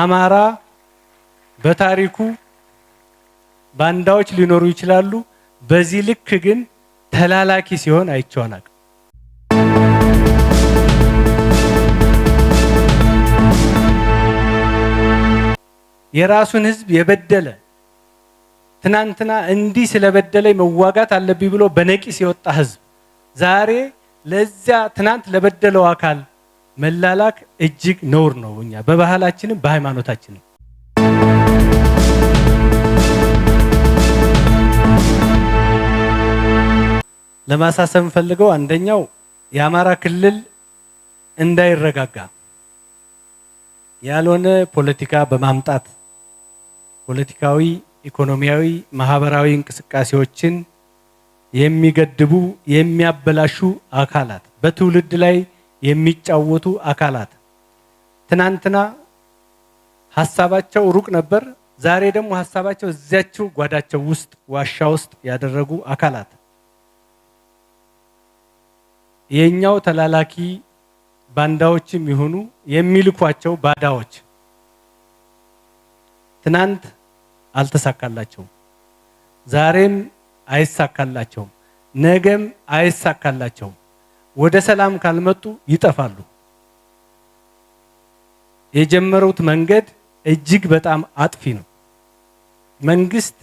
አማራ በታሪኩ ባንዳዎች ሊኖሩ ይችላሉ። በዚህ ልክ ግን ተላላኪ ሲሆን አይቸዋናል። የራሱን ህዝብ የበደለ ትናንትና እንዲህ ስለበደለኝ መዋጋት አለብኝ ብሎ በነቂስ የወጣ ህዝብ ዛሬ ለዚያ ትናንት ለበደለው አካል መላላክ እጅግ ነውር ነው። እኛ በባህላችንም በሃይማኖታችንም ለማሳሰብ የምፈልገው አንደኛው የአማራ ክልል እንዳይረጋጋ ያልሆነ ፖለቲካ በማምጣት ፖለቲካዊ፣ ኢኮኖሚያዊ፣ ማህበራዊ እንቅስቃሴዎችን የሚገድቡ የሚያበላሹ አካላት በትውልድ ላይ የሚጫወቱ አካላት ትናንትና ሀሳባቸው ሩቅ ነበር። ዛሬ ደግሞ ሀሳባቸው እዚያችው ጓዳቸው ውስጥ ዋሻ ውስጥ ያደረጉ አካላት የኛው ተላላኪ ባንዳዎችም ይሆኑ የሚልኳቸው ባዳዎች ትናንት አልተሳካላቸውም፣ ዛሬም አይሳካላቸውም፣ ነገም አይሳካላቸውም። ወደ ሰላም ካልመጡ ይጠፋሉ። የጀመሩት መንገድ እጅግ በጣም አጥፊ ነው። መንግስት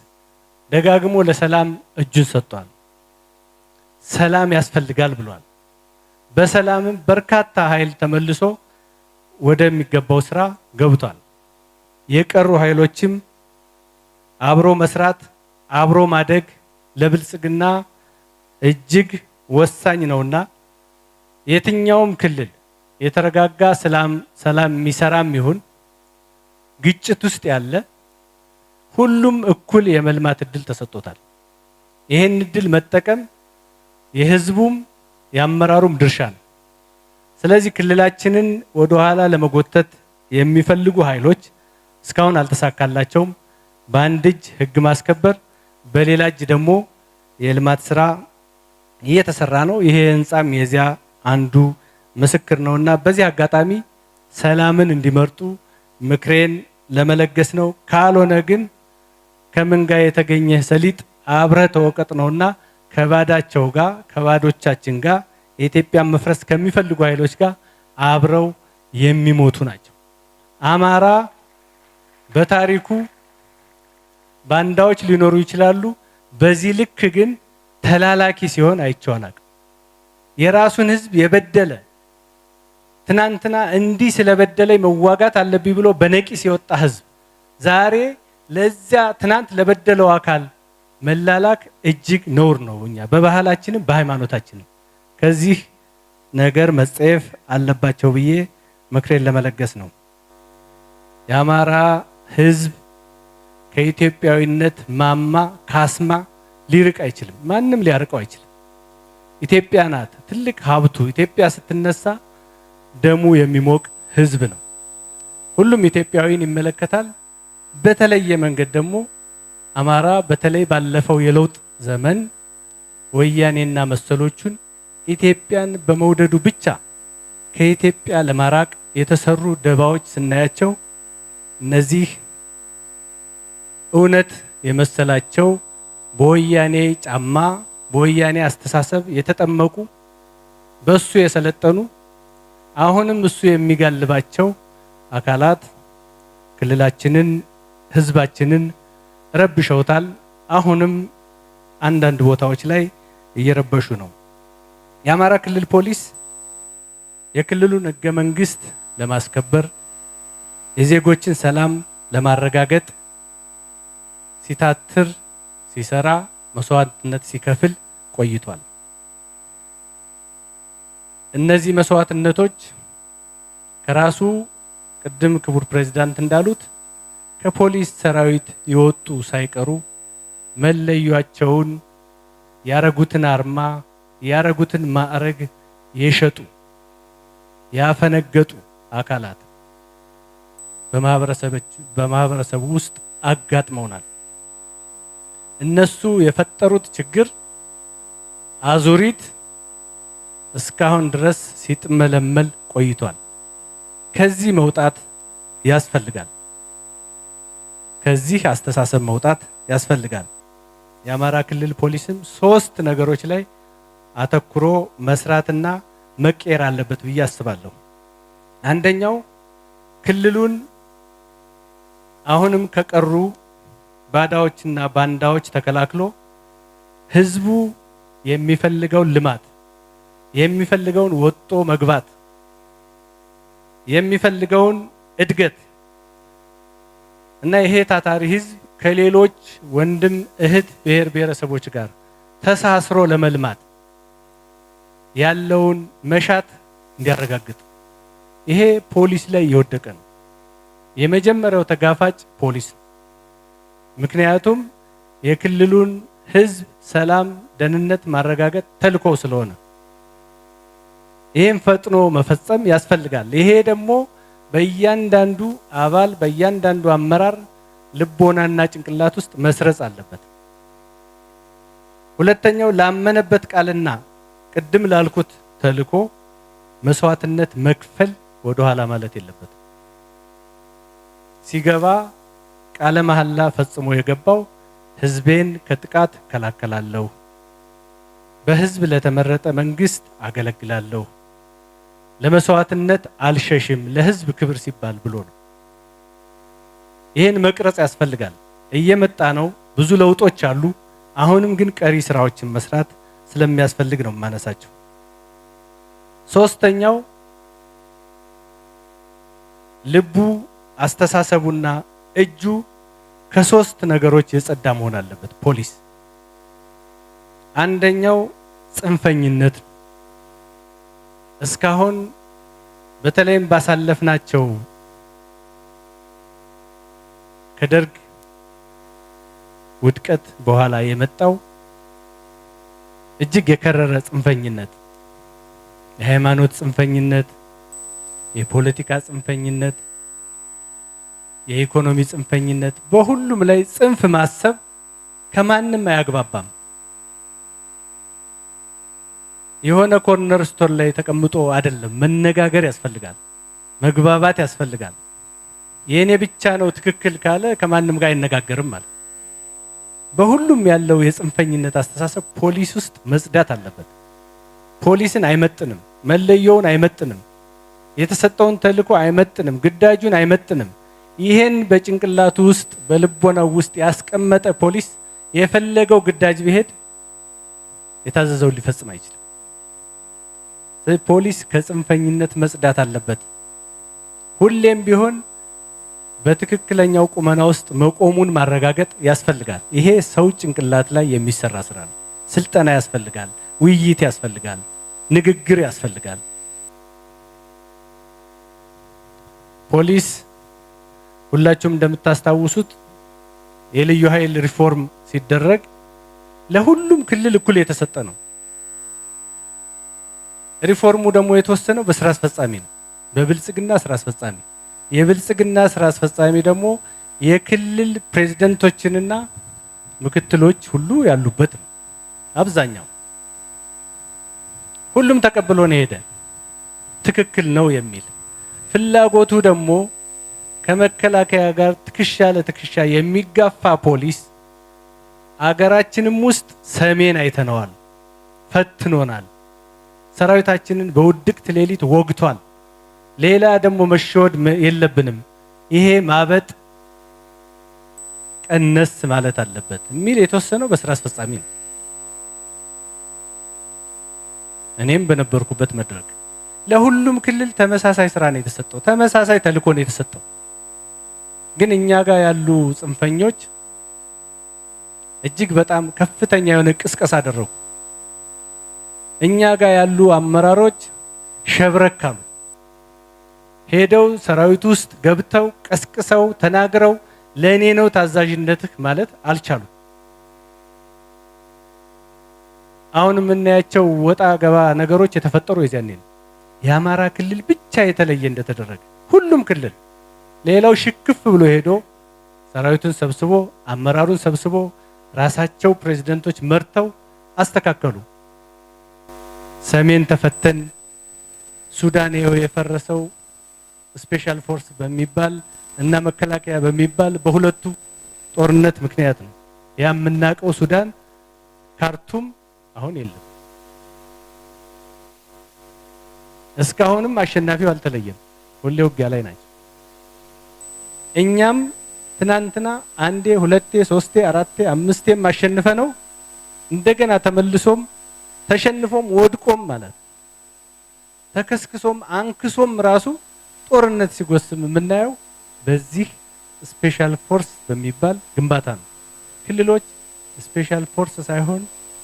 ደጋግሞ ለሰላም እጁን ሰጥቷል። ሰላም ያስፈልጋል ብሏል። በሰላምም በርካታ ኃይል ተመልሶ ወደሚገባው ስራ ገብቷል። የቀሩ ኃይሎችም አብሮ መስራት፣ አብሮ ማደግ ለብልጽግና እጅግ ወሳኝ ነውና የትኛውም ክልል የተረጋጋ ሰላም ሰላም የሚሰራም ይሁን ግጭት ውስጥ ያለ ሁሉም እኩል የመልማት እድል ተሰጥቶታል። ይህን እድል መጠቀም የህዝቡም የአመራሩም ድርሻ ነው። ስለዚህ ክልላችንን ወደኋላ ለመጎተት የሚፈልጉ ኃይሎች እስካሁን አልተሳካላቸውም። በአንድ እጅ ህግ ማስከበር፣ በሌላ እጅ ደግሞ የልማት ስራ እየተሰራ ነው። ይሄ ህንፃም የዚያ አንዱ ምስክር ነውና በዚህ አጋጣሚ ሰላምን እንዲመርጡ ምክሬን ለመለገስ ነው። ካልሆነ ግን ከምን ጋር የተገኘ ሰሊጥ አብረህ ተወቀጥ ነውና ከባዳቸው ጋር ከባዶቻችን ጋር የኢትዮጵያን መፍረስ ከሚፈልጉ ኃይሎች ጋር አብረው የሚሞቱ ናቸው። አማራ በታሪኩ ባንዳዎች ሊኖሩ ይችላሉ። በዚህ ልክ ግን ተላላኪ ሲሆን አይቼው የራሱን ህዝብ የበደለ ትናንትና እንዲህ ስለበደለኝ መዋጋት አለብኝ ብሎ በነቂስ የወጣ ህዝብ ዛሬ ለዚያ ትናንት ለበደለው አካል መላላክ እጅግ ነውር ነው። እኛ በባህላችንም በሃይማኖታችንም ከዚህ ነገር መጸየፍ አለባቸው ብዬ ምክሬን ለመለገስ ነው። የአማራ ህዝብ ከኢትዮጵያዊነት ማማ ካስማ ሊርቅ አይችልም። ማንም ሊያርቀው አይችልም። ኢትዮጵያ ናት ትልቅ ሀብቱ። ኢትዮጵያ ስትነሳ ደሙ የሚሞቅ ህዝብ ነው። ሁሉም ኢትዮጵያዊን ይመለከታል። በተለየ መንገድ ደግሞ አማራ በተለይ ባለፈው የለውጥ ዘመን ወያኔና መሰሎቹን ኢትዮጵያን በመውደዱ ብቻ ከኢትዮጵያ ለማራቅ የተሰሩ ደባዎች ስናያቸው እነዚህ እውነት የመሰላቸው በወያኔ ጫማ በወያኔ አስተሳሰብ የተጠመቁ በሱ የሰለጠኑ አሁንም እሱ የሚጋልባቸው አካላት ክልላችንን፣ ህዝባችንን ረብሸውታል። አሁንም አንዳንድ ቦታዎች ላይ እየረበሹ ነው። የአማራ ክልል ፖሊስ የክልሉን ህገ መንግስት ለማስከበር የዜጎችን ሰላም ለማረጋገጥ ሲታትር ሲሰራ መስዋዕትነት ሲከፍል ቆይቷል። እነዚህ መስዋዕትነቶች ከራሱ ቅድም ክቡር ፕሬዝዳንት እንዳሉት ከፖሊስ ሰራዊት የወጡ ሳይቀሩ መለያቸውን ያረጉትን አርማ ያረጉትን ማዕረግ የሸጡ ያፈነገጡ አካላት በማህበረሰቡ ውስጥ አጋጥመውናል። እነሱ የፈጠሩት ችግር አዙሪት እስካሁን ድረስ ሲጥመለመል ቆይቷል። ከዚህ መውጣት ያስፈልጋል። ከዚህ አስተሳሰብ መውጣት ያስፈልጋል። የአማራ ክልል ፖሊስም ሶስት ነገሮች ላይ አተኩሮ መስራትና መቀየር አለበት ብዬ አስባለሁ። አንደኛው ክልሉን አሁንም ከቀሩ ባዳዎችና ባንዳዎች ተከላክሎ ህዝቡ የሚፈልገውን ልማት የሚፈልገውን ወጦ መግባት የሚፈልገውን እድገት እና ይሄ ታታሪ ህዝብ ከሌሎች ወንድም እህት ብሔር ብሔረሰቦች ጋር ተሳስሮ ለመልማት ያለውን መሻት እንዲያረጋግጥ ይሄ ፖሊስ ላይ እየወደቀ ነው። የመጀመሪያው ተጋፋጭ ፖሊስ ነው። ምክንያቱም የክልሉን ህዝብ ሰላም፣ ደህንነት ማረጋገጥ ተልኮ ስለሆነ ይህም ፈጥኖ መፈጸም ያስፈልጋል። ይሄ ደግሞ በእያንዳንዱ አባል በእያንዳንዱ አመራር ልቦናና ጭንቅላት ውስጥ መስረጽ አለበት። ሁለተኛው ላመነበት ቃልና ቅድም ላልኩት ተልኮ መስዋዕትነት መክፈል ወደኋላ ማለት የለበትም። ሲገባ ቃለ መሐላ ፈጽሞ የገባው ህዝቤን ከጥቃት እከላከላለሁ፣ በህዝብ ለተመረጠ መንግስት አገለግላለሁ፣ ለመስዋዕትነት አልሸሽም፣ ለህዝብ ክብር ሲባል ብሎ ነው። ይህን መቅረጽ ያስፈልጋል። እየመጣ ነው፣ ብዙ ለውጦች አሉ። አሁንም ግን ቀሪ ስራዎችን መስራት ስለሚያስፈልግ ነው የማነሳቸው። ሶስተኛው ልቡ አስተሳሰቡና እጁ ከሶስት ነገሮች የጸዳ መሆን አለበት። ፖሊስ አንደኛው ጽንፈኝነት ነው። እስካሁን በተለይም ባሳለፍናቸው ከደርግ ውድቀት በኋላ የመጣው እጅግ የከረረ ጽንፈኝነት፣ የሃይማኖት ጽንፈኝነት፣ የፖለቲካ ጽንፈኝነት የኢኮኖሚ ጽንፈኝነት፣ በሁሉም ላይ ጽንፍ ማሰብ ከማንም አያግባባም። የሆነ ኮርነር ስቶር ላይ ተቀምጦ አይደለም። መነጋገር ያስፈልጋል፣ መግባባት ያስፈልጋል። የእኔ ብቻ ነው ትክክል ካለ ከማንም ጋር አይነጋገርም ማለት። በሁሉም ያለው የጽንፈኝነት አስተሳሰብ ፖሊስ ውስጥ መጽዳት አለበት። ፖሊስን አይመጥንም፣ መለየውን አይመጥንም፣ የተሰጠውን ተልዕኮ አይመጥንም፣ ግዳጁን አይመጥንም። ይህን በጭንቅላቱ ውስጥ በልቦናው ውስጥ ያስቀመጠ ፖሊስ የፈለገው ግዳጅ ቢሄድ የታዘዘውን ሊፈጽም አይችልም። ፖሊስ ከጽንፈኝነት መጽዳት አለበት። ሁሌም ቢሆን በትክክለኛው ቁመና ውስጥ መቆሙን ማረጋገጥ ያስፈልጋል። ይሄ ሰው ጭንቅላት ላይ የሚሰራ ስራ ነው። ስልጠና ያስፈልጋል፣ ውይይት ያስፈልጋል፣ ንግግር ያስፈልጋል። ፖሊስ ሁላችሁም እንደምታስታውሱት የልዩ ኃይል ሪፎርም ሲደረግ ለሁሉም ክልል እኩል የተሰጠ ነው። ሪፎርሙ ደግሞ የተወሰነው በስራ አስፈጻሚ ነው፣ በብልጽግና ስራ አስፈጻሚ። የብልጽግና ስራ አስፈጻሚ ደግሞ የክልል ፕሬዝደንቶችንና ምክትሎች ሁሉ ያሉበት ነው። አብዛኛው ሁሉም ተቀብሎ ነው የሄደ ትክክል ነው የሚል ፍላጎቱ ደግሞ ከመከላከያ ጋር ትከሻ ለትከሻ የሚጋፋ ፖሊስ አገራችንም ውስጥ ሰሜን አይተነዋል፣ ፈትኖናል። ሰራዊታችንን በውድቅት ሌሊት ወግቷል። ሌላ ደግሞ መሸወድ የለብንም። ይሄ ማበጥ ቀነስ ማለት አለበት የሚል የተወሰነው በስራ አስፈጻሚ ነው። እኔም በነበርኩበት መድረክ ለሁሉም ክልል ተመሳሳይ ስራ ነው የተሰጠው፣ ተመሳሳይ ተልእኮ ነው የተሰጠው። ግን እኛ ጋር ያሉ ጽንፈኞች እጅግ በጣም ከፍተኛ የሆነ ቅስቀሳ አደረጉ። እኛ ጋር ያሉ አመራሮች ሸብረካሉ። ሄደው ሰራዊት ውስጥ ገብተው ቀስቅሰው ተናግረው ለእኔ ነው ታዛዥነትህ ማለት አልቻሉም። አሁን የምናያቸው ወጣ ገባ ነገሮች የተፈጠሩ የዚያኔ ነው። የአማራ ክልል ብቻ የተለየ እንደተደረገ ሁሉም ክልል ሌላው ሽክፍ ብሎ ሄዶ ሰራዊቱን ሰብስቦ አመራሩን ሰብስቦ ራሳቸው ፕሬዝደንቶች መርተው አስተካከሉ። ሰሜን ተፈተን፣ ሱዳን ይኸው የፈረሰው ስፔሻል ፎርስ በሚባል እና መከላከያ በሚባል በሁለቱ ጦርነት ምክንያት ነው። ያ የምናውቀው ሱዳን ካርቱም አሁን የለም። እስካሁንም አሸናፊው አልተለየም። ሁሌ ውጊያ ላይ ናቸው። እኛም ትናንትና አንዴ ሁለቴ ሶስቴ አራቴ አምስቴም አሸንፈ ነው እንደገና ተመልሶም ተሸንፎም ወድቆም ማለት ተከስክሶም አንክሶም ራሱ ጦርነት ሲጎስም የምናየው በዚህ ስፔሻል ፎርስ በሚባል ግንባታ ነው። ክልሎች ስፔሻል ፎርስ ሳይሆን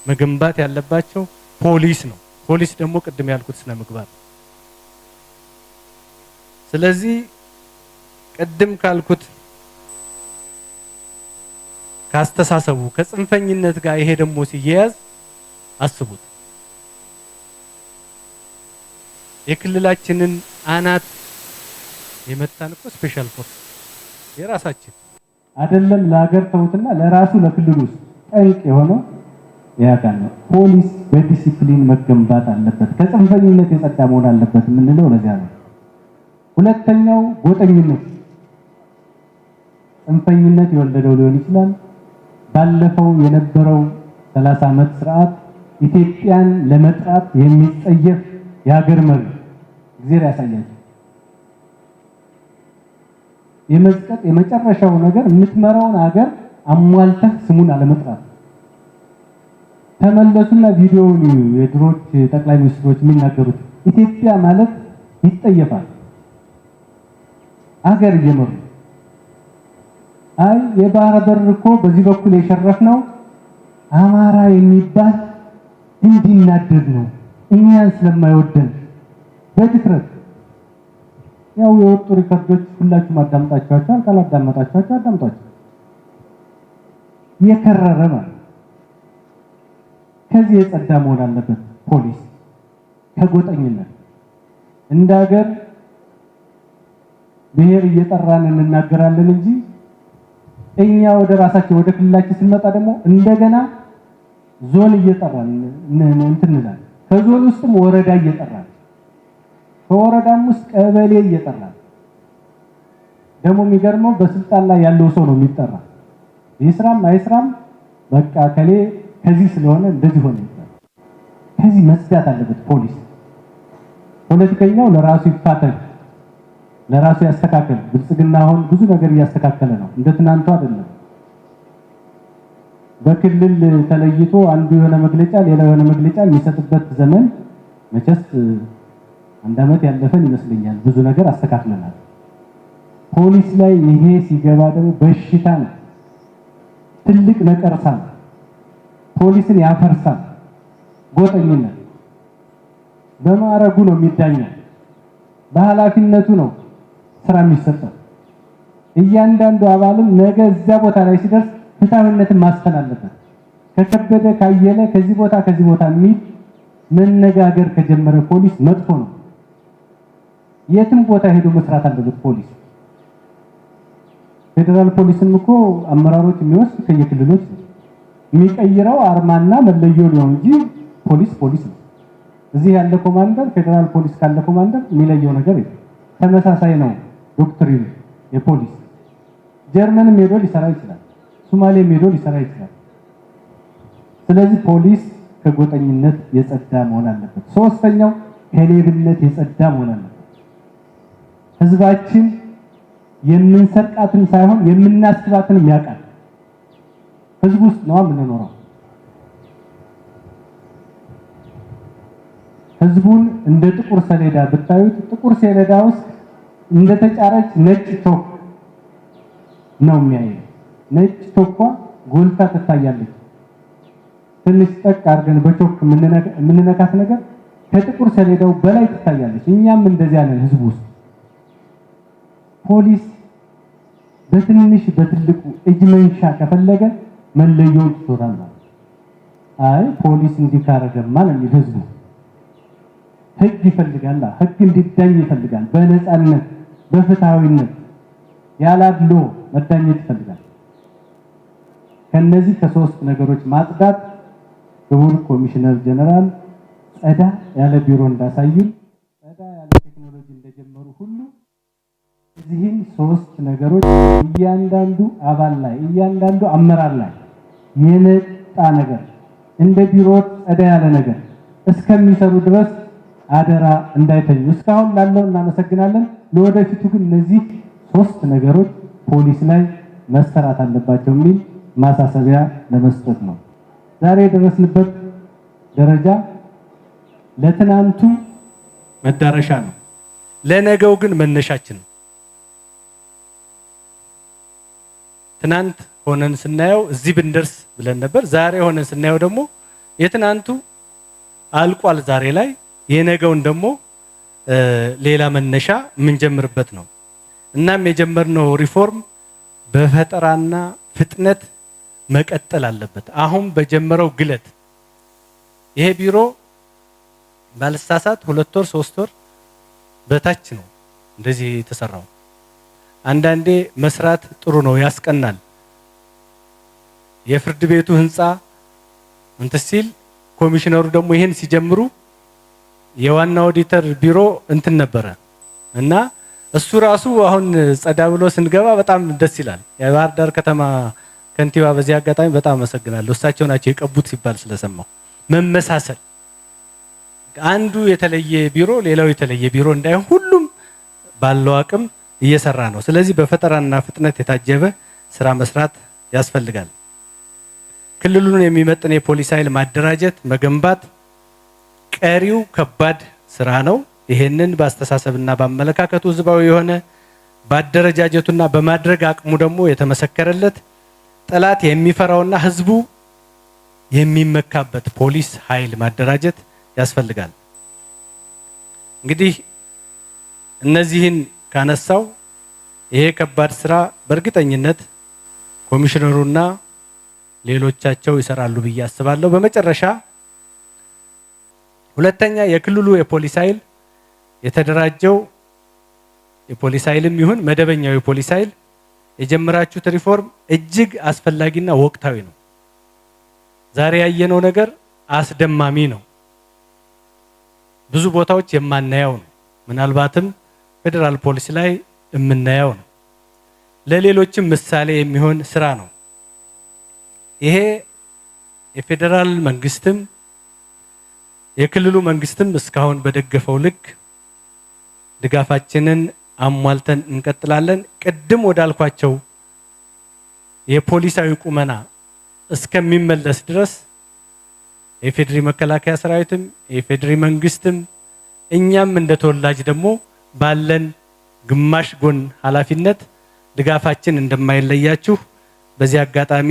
መገንባት ያለባቸው ፖሊስ ነው። ፖሊስ ደግሞ ቅድም ያልኩት ስነ ምግባር ነው። ስለዚህ ቅድም ካልኩት ካስተሳሰቡ ከጽንፈኝነት ጋር ይሄ ደግሞ ሲያያዝ አስቡት። የክልላችንን አናት የመታን እኮ ስፔሻል ፎርስ የራሳችን አይደለም። ለሀገር ተውትና ለራሱ ለክልሉ ጠንቅ የሆነው ያውቃል ነው። ፖሊስ በዲሲፕሊን መገንባት አለበት፣ ከጽንፈኝነት የጸዳ መሆን አለበት የምንለው ለዚያ ነው። ሁለተኛው ጎጠኝነት ጽንፈኝነት የወለደው ሊሆን ይችላል። ባለፈው የነበረው 30 ዓመት ስርዓት ኢትዮጵያን ለመጥራት የሚጸየፍ የሀገር መሪ እግዚአብሔር ያሳያል። የመስጠት የመጨረሻው ነገር የምትመራውን ሀገር አሟልተህ ስሙን አለመጥራት። ተመለሱና ቪዲዮውን የድሮች ጠቅላይ ሚኒስትሮች የሚናገሩት ኢትዮጵያ ማለት ይጠየፋል አገር እየመሩ አይ የባህር በር እኮ በዚህ በኩል የሸረፍ ነው አማራ የሚባል እንዲናደድ ነው እኛን ስለማይወደን በድፍረት ያው የወጡ ሪከርዶች ሁላችሁም አዳምጣችኋቸዋል። ካላዳመጣችኋቸው አዳምጧቸው። የከረረ ማለት ከዚህ የጸዳ መሆን አለበት ፖሊስ ከጎጠኝነት እንደ ሀገር ብሔር እየጠራን እንናገራለን እንጂ እኛ ወደ ራሳችን ወደ ክልላችን ስንመጣ ደግሞ እንደገና ዞን እየጠራን እንትን እንላለን። ከዞን ውስጥም ወረዳ እየጠራን ከወረዳም ውስጥ ቀበሌ እየጠራን ደግሞ የሚገርመው በስልጣን ላይ ያለው ሰው ነው የሚጠራ። ይስራም አይስራም በቃ ከሌ ከዚህ ስለሆነ እንደዚህ ሆነ። ከዚህ መጽዳት አለበት ፖሊስ። ፖለቲከኛው ለራሱ ይፋተል። ለራሱ ያስተካከል። ብልጽግና አሁን ብዙ ነገር እያስተካከለ ነው፣ እንደ ትናንቱ አይደለም። በክልል ተለይቶ አንዱ የሆነ መግለጫ ሌላው የሆነ መግለጫ የሚሰጥበት ዘመን መቼስ አንድ ዓመት ያለፈን ይመስለኛል። ብዙ ነገር አስተካክለናል። ፖሊስ ላይ ይሄ ሲገባ ደግሞ በሽታ ነው፣ ትልቅ ነቀርሳ ነው፣ ፖሊስን ያፈርሳል። ጎጠኝነት በማዕረጉ ነው የሚዳኘው፣ በኃላፊነቱ ነው ስራ የሚሰጠው። እያንዳንዱ አባልም ነገ እዚያ ቦታ ላይ ሲደርስ ፍትሐዊነትን ማስፈን አለበት። ከከበደ ካየለ ከዚህ ቦታ ከዚህ ቦታ የሚል መነጋገር ከጀመረ ፖሊስ መጥፎ ነው። የትም ቦታ ሄዶ መስራት አለበት ፖሊስ። ፌዴራል ፖሊስም እኮ አመራሮች የሚወስድ ከየክልሎች የሚቀይረው አርማና መለዮ ነው እንጂ ፖሊስ ፖሊስ ነው። እዚህ ያለ ኮማንደር ፌዴራል ፖሊስ ካለ ኮማንደር የሚለየው ነገር ተመሳሳይ ነው። ዶክትሪን የፖሊስ ጀርመንም ሄዶ ሊሰራ ይችላል። ሶማሌም ሄዶ ሊሰራ ይችላል። ስለዚህ ፖሊስ ከጎጠኝነት የጸዳ መሆን አለበት። ሶስተኛው ከሌብነት የጸዳ መሆን አለበት። ህዝባችን የምንሰርቃትን ሳይሆን የምናስባትን ያውቃል። ህዝብ ውስጥ ነው የምንኖረው። ህዝቡን እንደ ጥቁር ሰሌዳ ብታዩት ጥቁር ሰሌዳ ውስጥ እንደተጫረች ነጭ ቶክ ነው የሚያየው። ነጭ ቶኳ ጎልታ ትታያለች። ትንሽ ጠቅ አድርገን በቾክ የምንነካት ነገር ከጥቁር ሰሌዳው በላይ ትታያለች። እኛም እንደዚያ ነን። ህዝቡ ውስጥ ፖሊስ በትንሽ በትልቁ እጅ መንሻ ከፈለገ መለየውን ትቶታል ማለት አይ ፖሊስ እንዲካረገማ ነው የሚል ህዝቡ ህግ ይፈልጋል። ህግ እንዲዳኝ ይፈልጋል በነፃነት በፍትሃዊነት ያላድሎ መዳኘት ይፈልጋል። ከነዚህ ከሶስት ነገሮች ማጽዳት ክቡር ኮሚሽነር ጀነራል ጸዳ ያለ ቢሮ እንዳሳዩን ጸዳ ያለ ቴክኖሎጂ እንደጀመሩ ሁሉ እዚህም ሶስት ነገሮች እያንዳንዱ አባል ላይ እያንዳንዱ አመራር ላይ የነጣ ነገር እንደ ቢሮ ጸዳ ያለ ነገር እስከሚሰሩ ድረስ አደራ እንዳይተኙ። እስካሁን ላለው እናመሰግናለን። ለወደፊቱ ግን እነዚህ ሶስት ነገሮች ፖሊስ ላይ መሰራት አለባቸው የሚል ማሳሰቢያ ለመስጠት ነው። ዛሬ የደረስንበት ደረጃ ለትናንቱ መዳረሻ ነው፣ ለነገው ግን መነሻችን ነው። ትናንት ሆነን ስናየው እዚህ ብንደርስ ብለን ነበር። ዛሬ ሆነን ስናየው ደግሞ የትናንቱ አልቋል ዛሬ ላይ የነገውን ደግሞ ሌላ መነሻ የምንጀምርበት ነው። እናም የጀመርነው ሪፎርም በፈጠራና ፍጥነት መቀጠል አለበት። አሁን በጀመረው ግለት ይሄ ቢሮ ባልሳሳት ሁለት ወር ሶስት ወር በታች ነው እንደዚህ የተሰራው። አንዳንዴ መስራት ጥሩ ነው፣ ያስቀናል። የፍርድ ቤቱ ህንፃ እንትን ሲል ኮሚሽነሩ ደግሞ ይሄን ሲጀምሩ የዋና ኦዲተር ቢሮ እንትን ነበረ እና እሱ ራሱ አሁን ጸዳ ብሎ ስንገባ በጣም ደስ ይላል። የባህር ዳር ከተማ ከንቲባ በዚህ አጋጣሚ በጣም አመሰግናለሁ። እሳቸው ናቸው የቀቡት ሲባል ስለሰማው መመሳሰል፣ አንዱ የተለየ ቢሮ ሌላው የተለየ ቢሮ እንዳይሆን ሁሉም ባለው አቅም እየሰራ ነው። ስለዚህ በፈጠራና ፍጥነት የታጀበ ስራ መስራት ያስፈልጋል። ክልሉን የሚመጥን የፖሊስ ኃይል ማደራጀት፣ መገንባት ቀሪው ከባድ ስራ ነው። ይሄንን በአስተሳሰብና በአመለካከቱ ህዝባዊ የሆነ በአደረጃጀቱና በማድረግ አቅሙ ደግሞ የተመሰከረለት ጠላት የሚፈራውና ህዝቡ የሚመካበት ፖሊስ ኃይል ማደራጀት ያስፈልጋል። እንግዲህ እነዚህን ካነሳው ይሄ ከባድ ስራ በእርግጠኝነት ኮሚሽነሩና ሌሎቻቸው ይሰራሉ ብዬ አስባለሁ። በመጨረሻ ሁለተኛ የክልሉ የፖሊስ ኃይል የተደራጀው የፖሊስ ኃይልም ይሁን መደበኛው የፖሊስ ኃይል የጀመራችሁት ሪፎርም እጅግ አስፈላጊና ወቅታዊ ነው። ዛሬ ያየነው ነገር አስደማሚ ነው። ብዙ ቦታዎች የማናየው ነው። ምናልባትም ፌዴራል ፖሊስ ላይ የምናየው ነው። ለሌሎችም ምሳሌ የሚሆን ስራ ነው። ይሄ የፌዴራል መንግስትም የክልሉ መንግስትም እስካሁን በደገፈው ልክ ድጋፋችንን አሟልተን እንቀጥላለን። ቅድም ወዳልኳቸው የፖሊሳዊ ቁመና እስከሚመለስ ድረስ የፌዴሪ መከላከያ ሰራዊትም የፌዴሪ መንግስትም እኛም እንደ ተወላጅ ደግሞ ባለን ግማሽ ጎን ኃላፊነት ድጋፋችን እንደማይለያችሁ በዚህ አጋጣሚ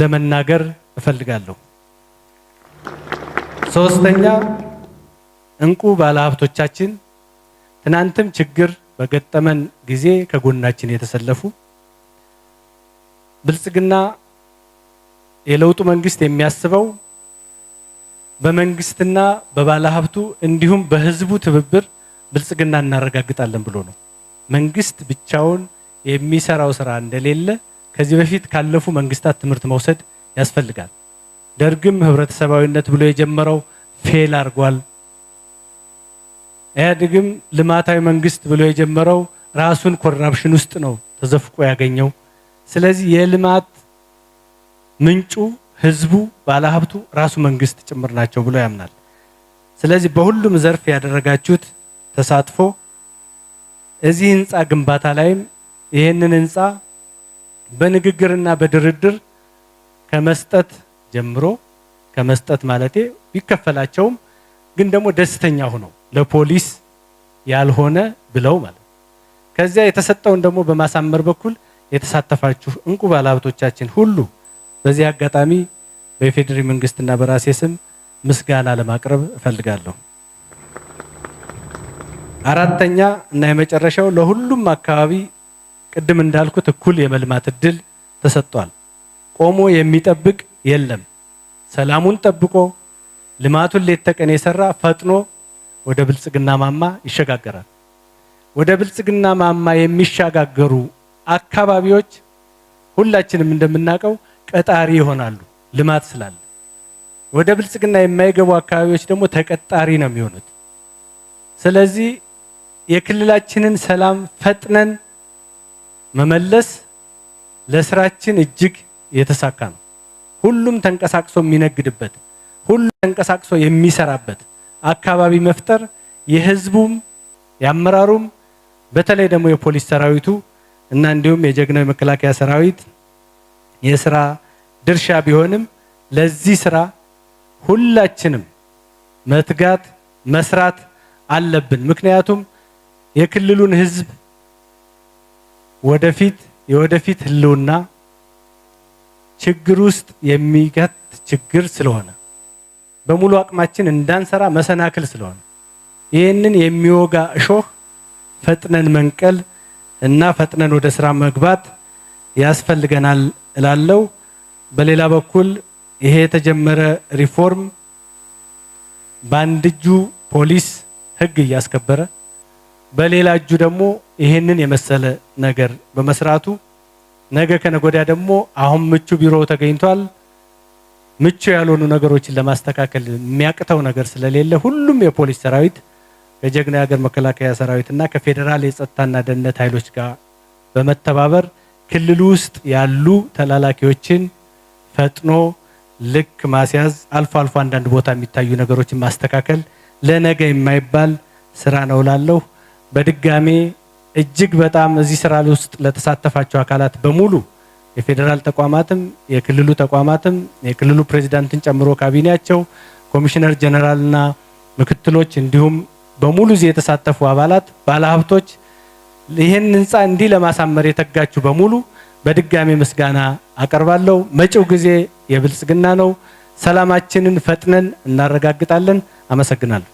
ለመናገር እፈልጋለሁ። ሶስተኛ እንቁ ባለሀብቶቻችን ትናንትም ችግር በገጠመን ጊዜ ከጎናችን የተሰለፉ ብልጽግና የለውጡ መንግስት የሚያስበው በመንግስትና በባለሀብቱ እንዲሁም በህዝቡ ትብብር ብልጽግና እናረጋግጣለን ብሎ ነው። መንግስት ብቻውን የሚሰራው ስራ እንደሌለ ከዚህ በፊት ካለፉ መንግስታት ትምህርት መውሰድ ያስፈልጋል። ደርግም ህብረተሰባዊነት ብሎ የጀመረው ፌል አድርጓል። ኢህአዴግም ልማታዊ መንግስት ብሎ የጀመረው ራሱን ኮራፕሽን ውስጥ ነው ተዘፍቆ ያገኘው። ስለዚህ የልማት ምንጩ ህዝቡ፣ ባለሀብቱ ራሱ መንግስት ጭምር ናቸው ብሎ ያምናል። ስለዚህ በሁሉም ዘርፍ ያደረጋችሁት ተሳትፎ እዚህ ህንፃ ግንባታ ላይም ይህንን ህንፃ በንግግርና በድርድር ከመስጠት ጀምሮ ከመስጠት ማለቴ ቢከፈላቸውም ግን ደግሞ ደስተኛ ሆነው ለፖሊስ ያልሆነ ብለው ማለት ነው። ከዚያ የተሰጠውን ደግሞ በማሳመር በኩል የተሳተፋችሁ እንቁ ባለሀብቶቻችን ሁሉ በዚህ አጋጣሚ በኢፌዴሪ መንግስትና በራሴ ስም ምስጋና ለማቅረብ እፈልጋለሁ። አራተኛ እና የመጨረሻው ለሁሉም አካባቢ ቅድም እንዳልኩት እኩል የመልማት እድል ተሰጥቷል። ቆሞ የሚጠብቅ የለም። ሰላሙን ጠብቆ ልማቱን ሌት ተቀን የሰራ ፈጥኖ ወደ ብልጽግና ማማ ይሸጋገራል። ወደ ብልጽግና ማማ የሚሸጋገሩ አካባቢዎች ሁላችንም እንደምናውቀው ቀጣሪ ይሆናሉ፣ ልማት ስላለ። ወደ ብልጽግና የማይገቡ አካባቢዎች ደግሞ ተቀጣሪ ነው የሚሆኑት። ስለዚህ የክልላችንን ሰላም ፈጥነን መመለስ ለስራችን እጅግ የተሳካ ነው። ሁሉም ተንቀሳቅሶ የሚነግድበት፣ ሁሉም ተንቀሳቅሶ የሚሰራበት አካባቢ መፍጠር የህዝቡም የአመራሩም በተለይ ደግሞ የፖሊስ ሰራዊቱ እና እንዲሁም የጀግናው የመከላከያ ሰራዊት የስራ ድርሻ ቢሆንም ለዚህ ስራ ሁላችንም መትጋት መስራት አለብን። ምክንያቱም የክልሉን ህዝብ ወደፊት የወደፊት ህልውና ችግር ውስጥ የሚገት ችግር ስለሆነ በሙሉ አቅማችን እንዳንሰራ መሰናክል ስለሆነ ይህንን የሚወጋ እሾህ ፈጥነን መንቀል እና ፈጥነን ወደ ስራ መግባት ያስፈልገናል እላለው። በሌላ በኩል ይሄ የተጀመረ ሪፎርም በአንድ እጁ ፖሊስ ህግ እያስከበረ በሌላ እጁ ደግሞ ይሄንን የመሰለ ነገር በመስራቱ ነገ ከነገ ወዲያ ደግሞ አሁን ምቹ ቢሮ ተገኝቷል። ምቹ ያልሆኑ ነገሮችን ለማስተካከል የሚያቅተው ነገር ስለሌለ ሁሉም የፖሊስ ሰራዊት ከጀግና የሀገር መከላከያ ሰራዊትና ከፌዴራል የጸጥታና ደህንነት ኃይሎች ጋር በመተባበር ክልሉ ውስጥ ያሉ ተላላኪዎችን ፈጥኖ ልክ ማስያዝ፣ አልፎ አልፎ አንዳንድ ቦታ የሚታዩ ነገሮችን ማስተካከል ለነገ የማይባል ስራ ነው ላለሁ በድጋሜ እጅግ በጣም እዚህ ስራ ውስጥ ለተሳተፋቸው አካላት በሙሉ የፌዴራል ተቋማትም የክልሉ ተቋማትም የክልሉ ፕሬዚዳንትን ጨምሮ ካቢኔያቸው፣ ኮሚሽነር ጀነራልና ምክትሎች እንዲሁም በሙሉ እዚህ የተሳተፉ አባላት፣ ባለሀብቶች ይህን ህንፃ እንዲህ ለማሳመር የተጋችሁ በሙሉ በድጋሚ ምስጋና አቀርባለሁ። መጪው ጊዜ የብልጽግና ነው። ሰላማችንን ፈጥነን እናረጋግጣለን። አመሰግናለሁ።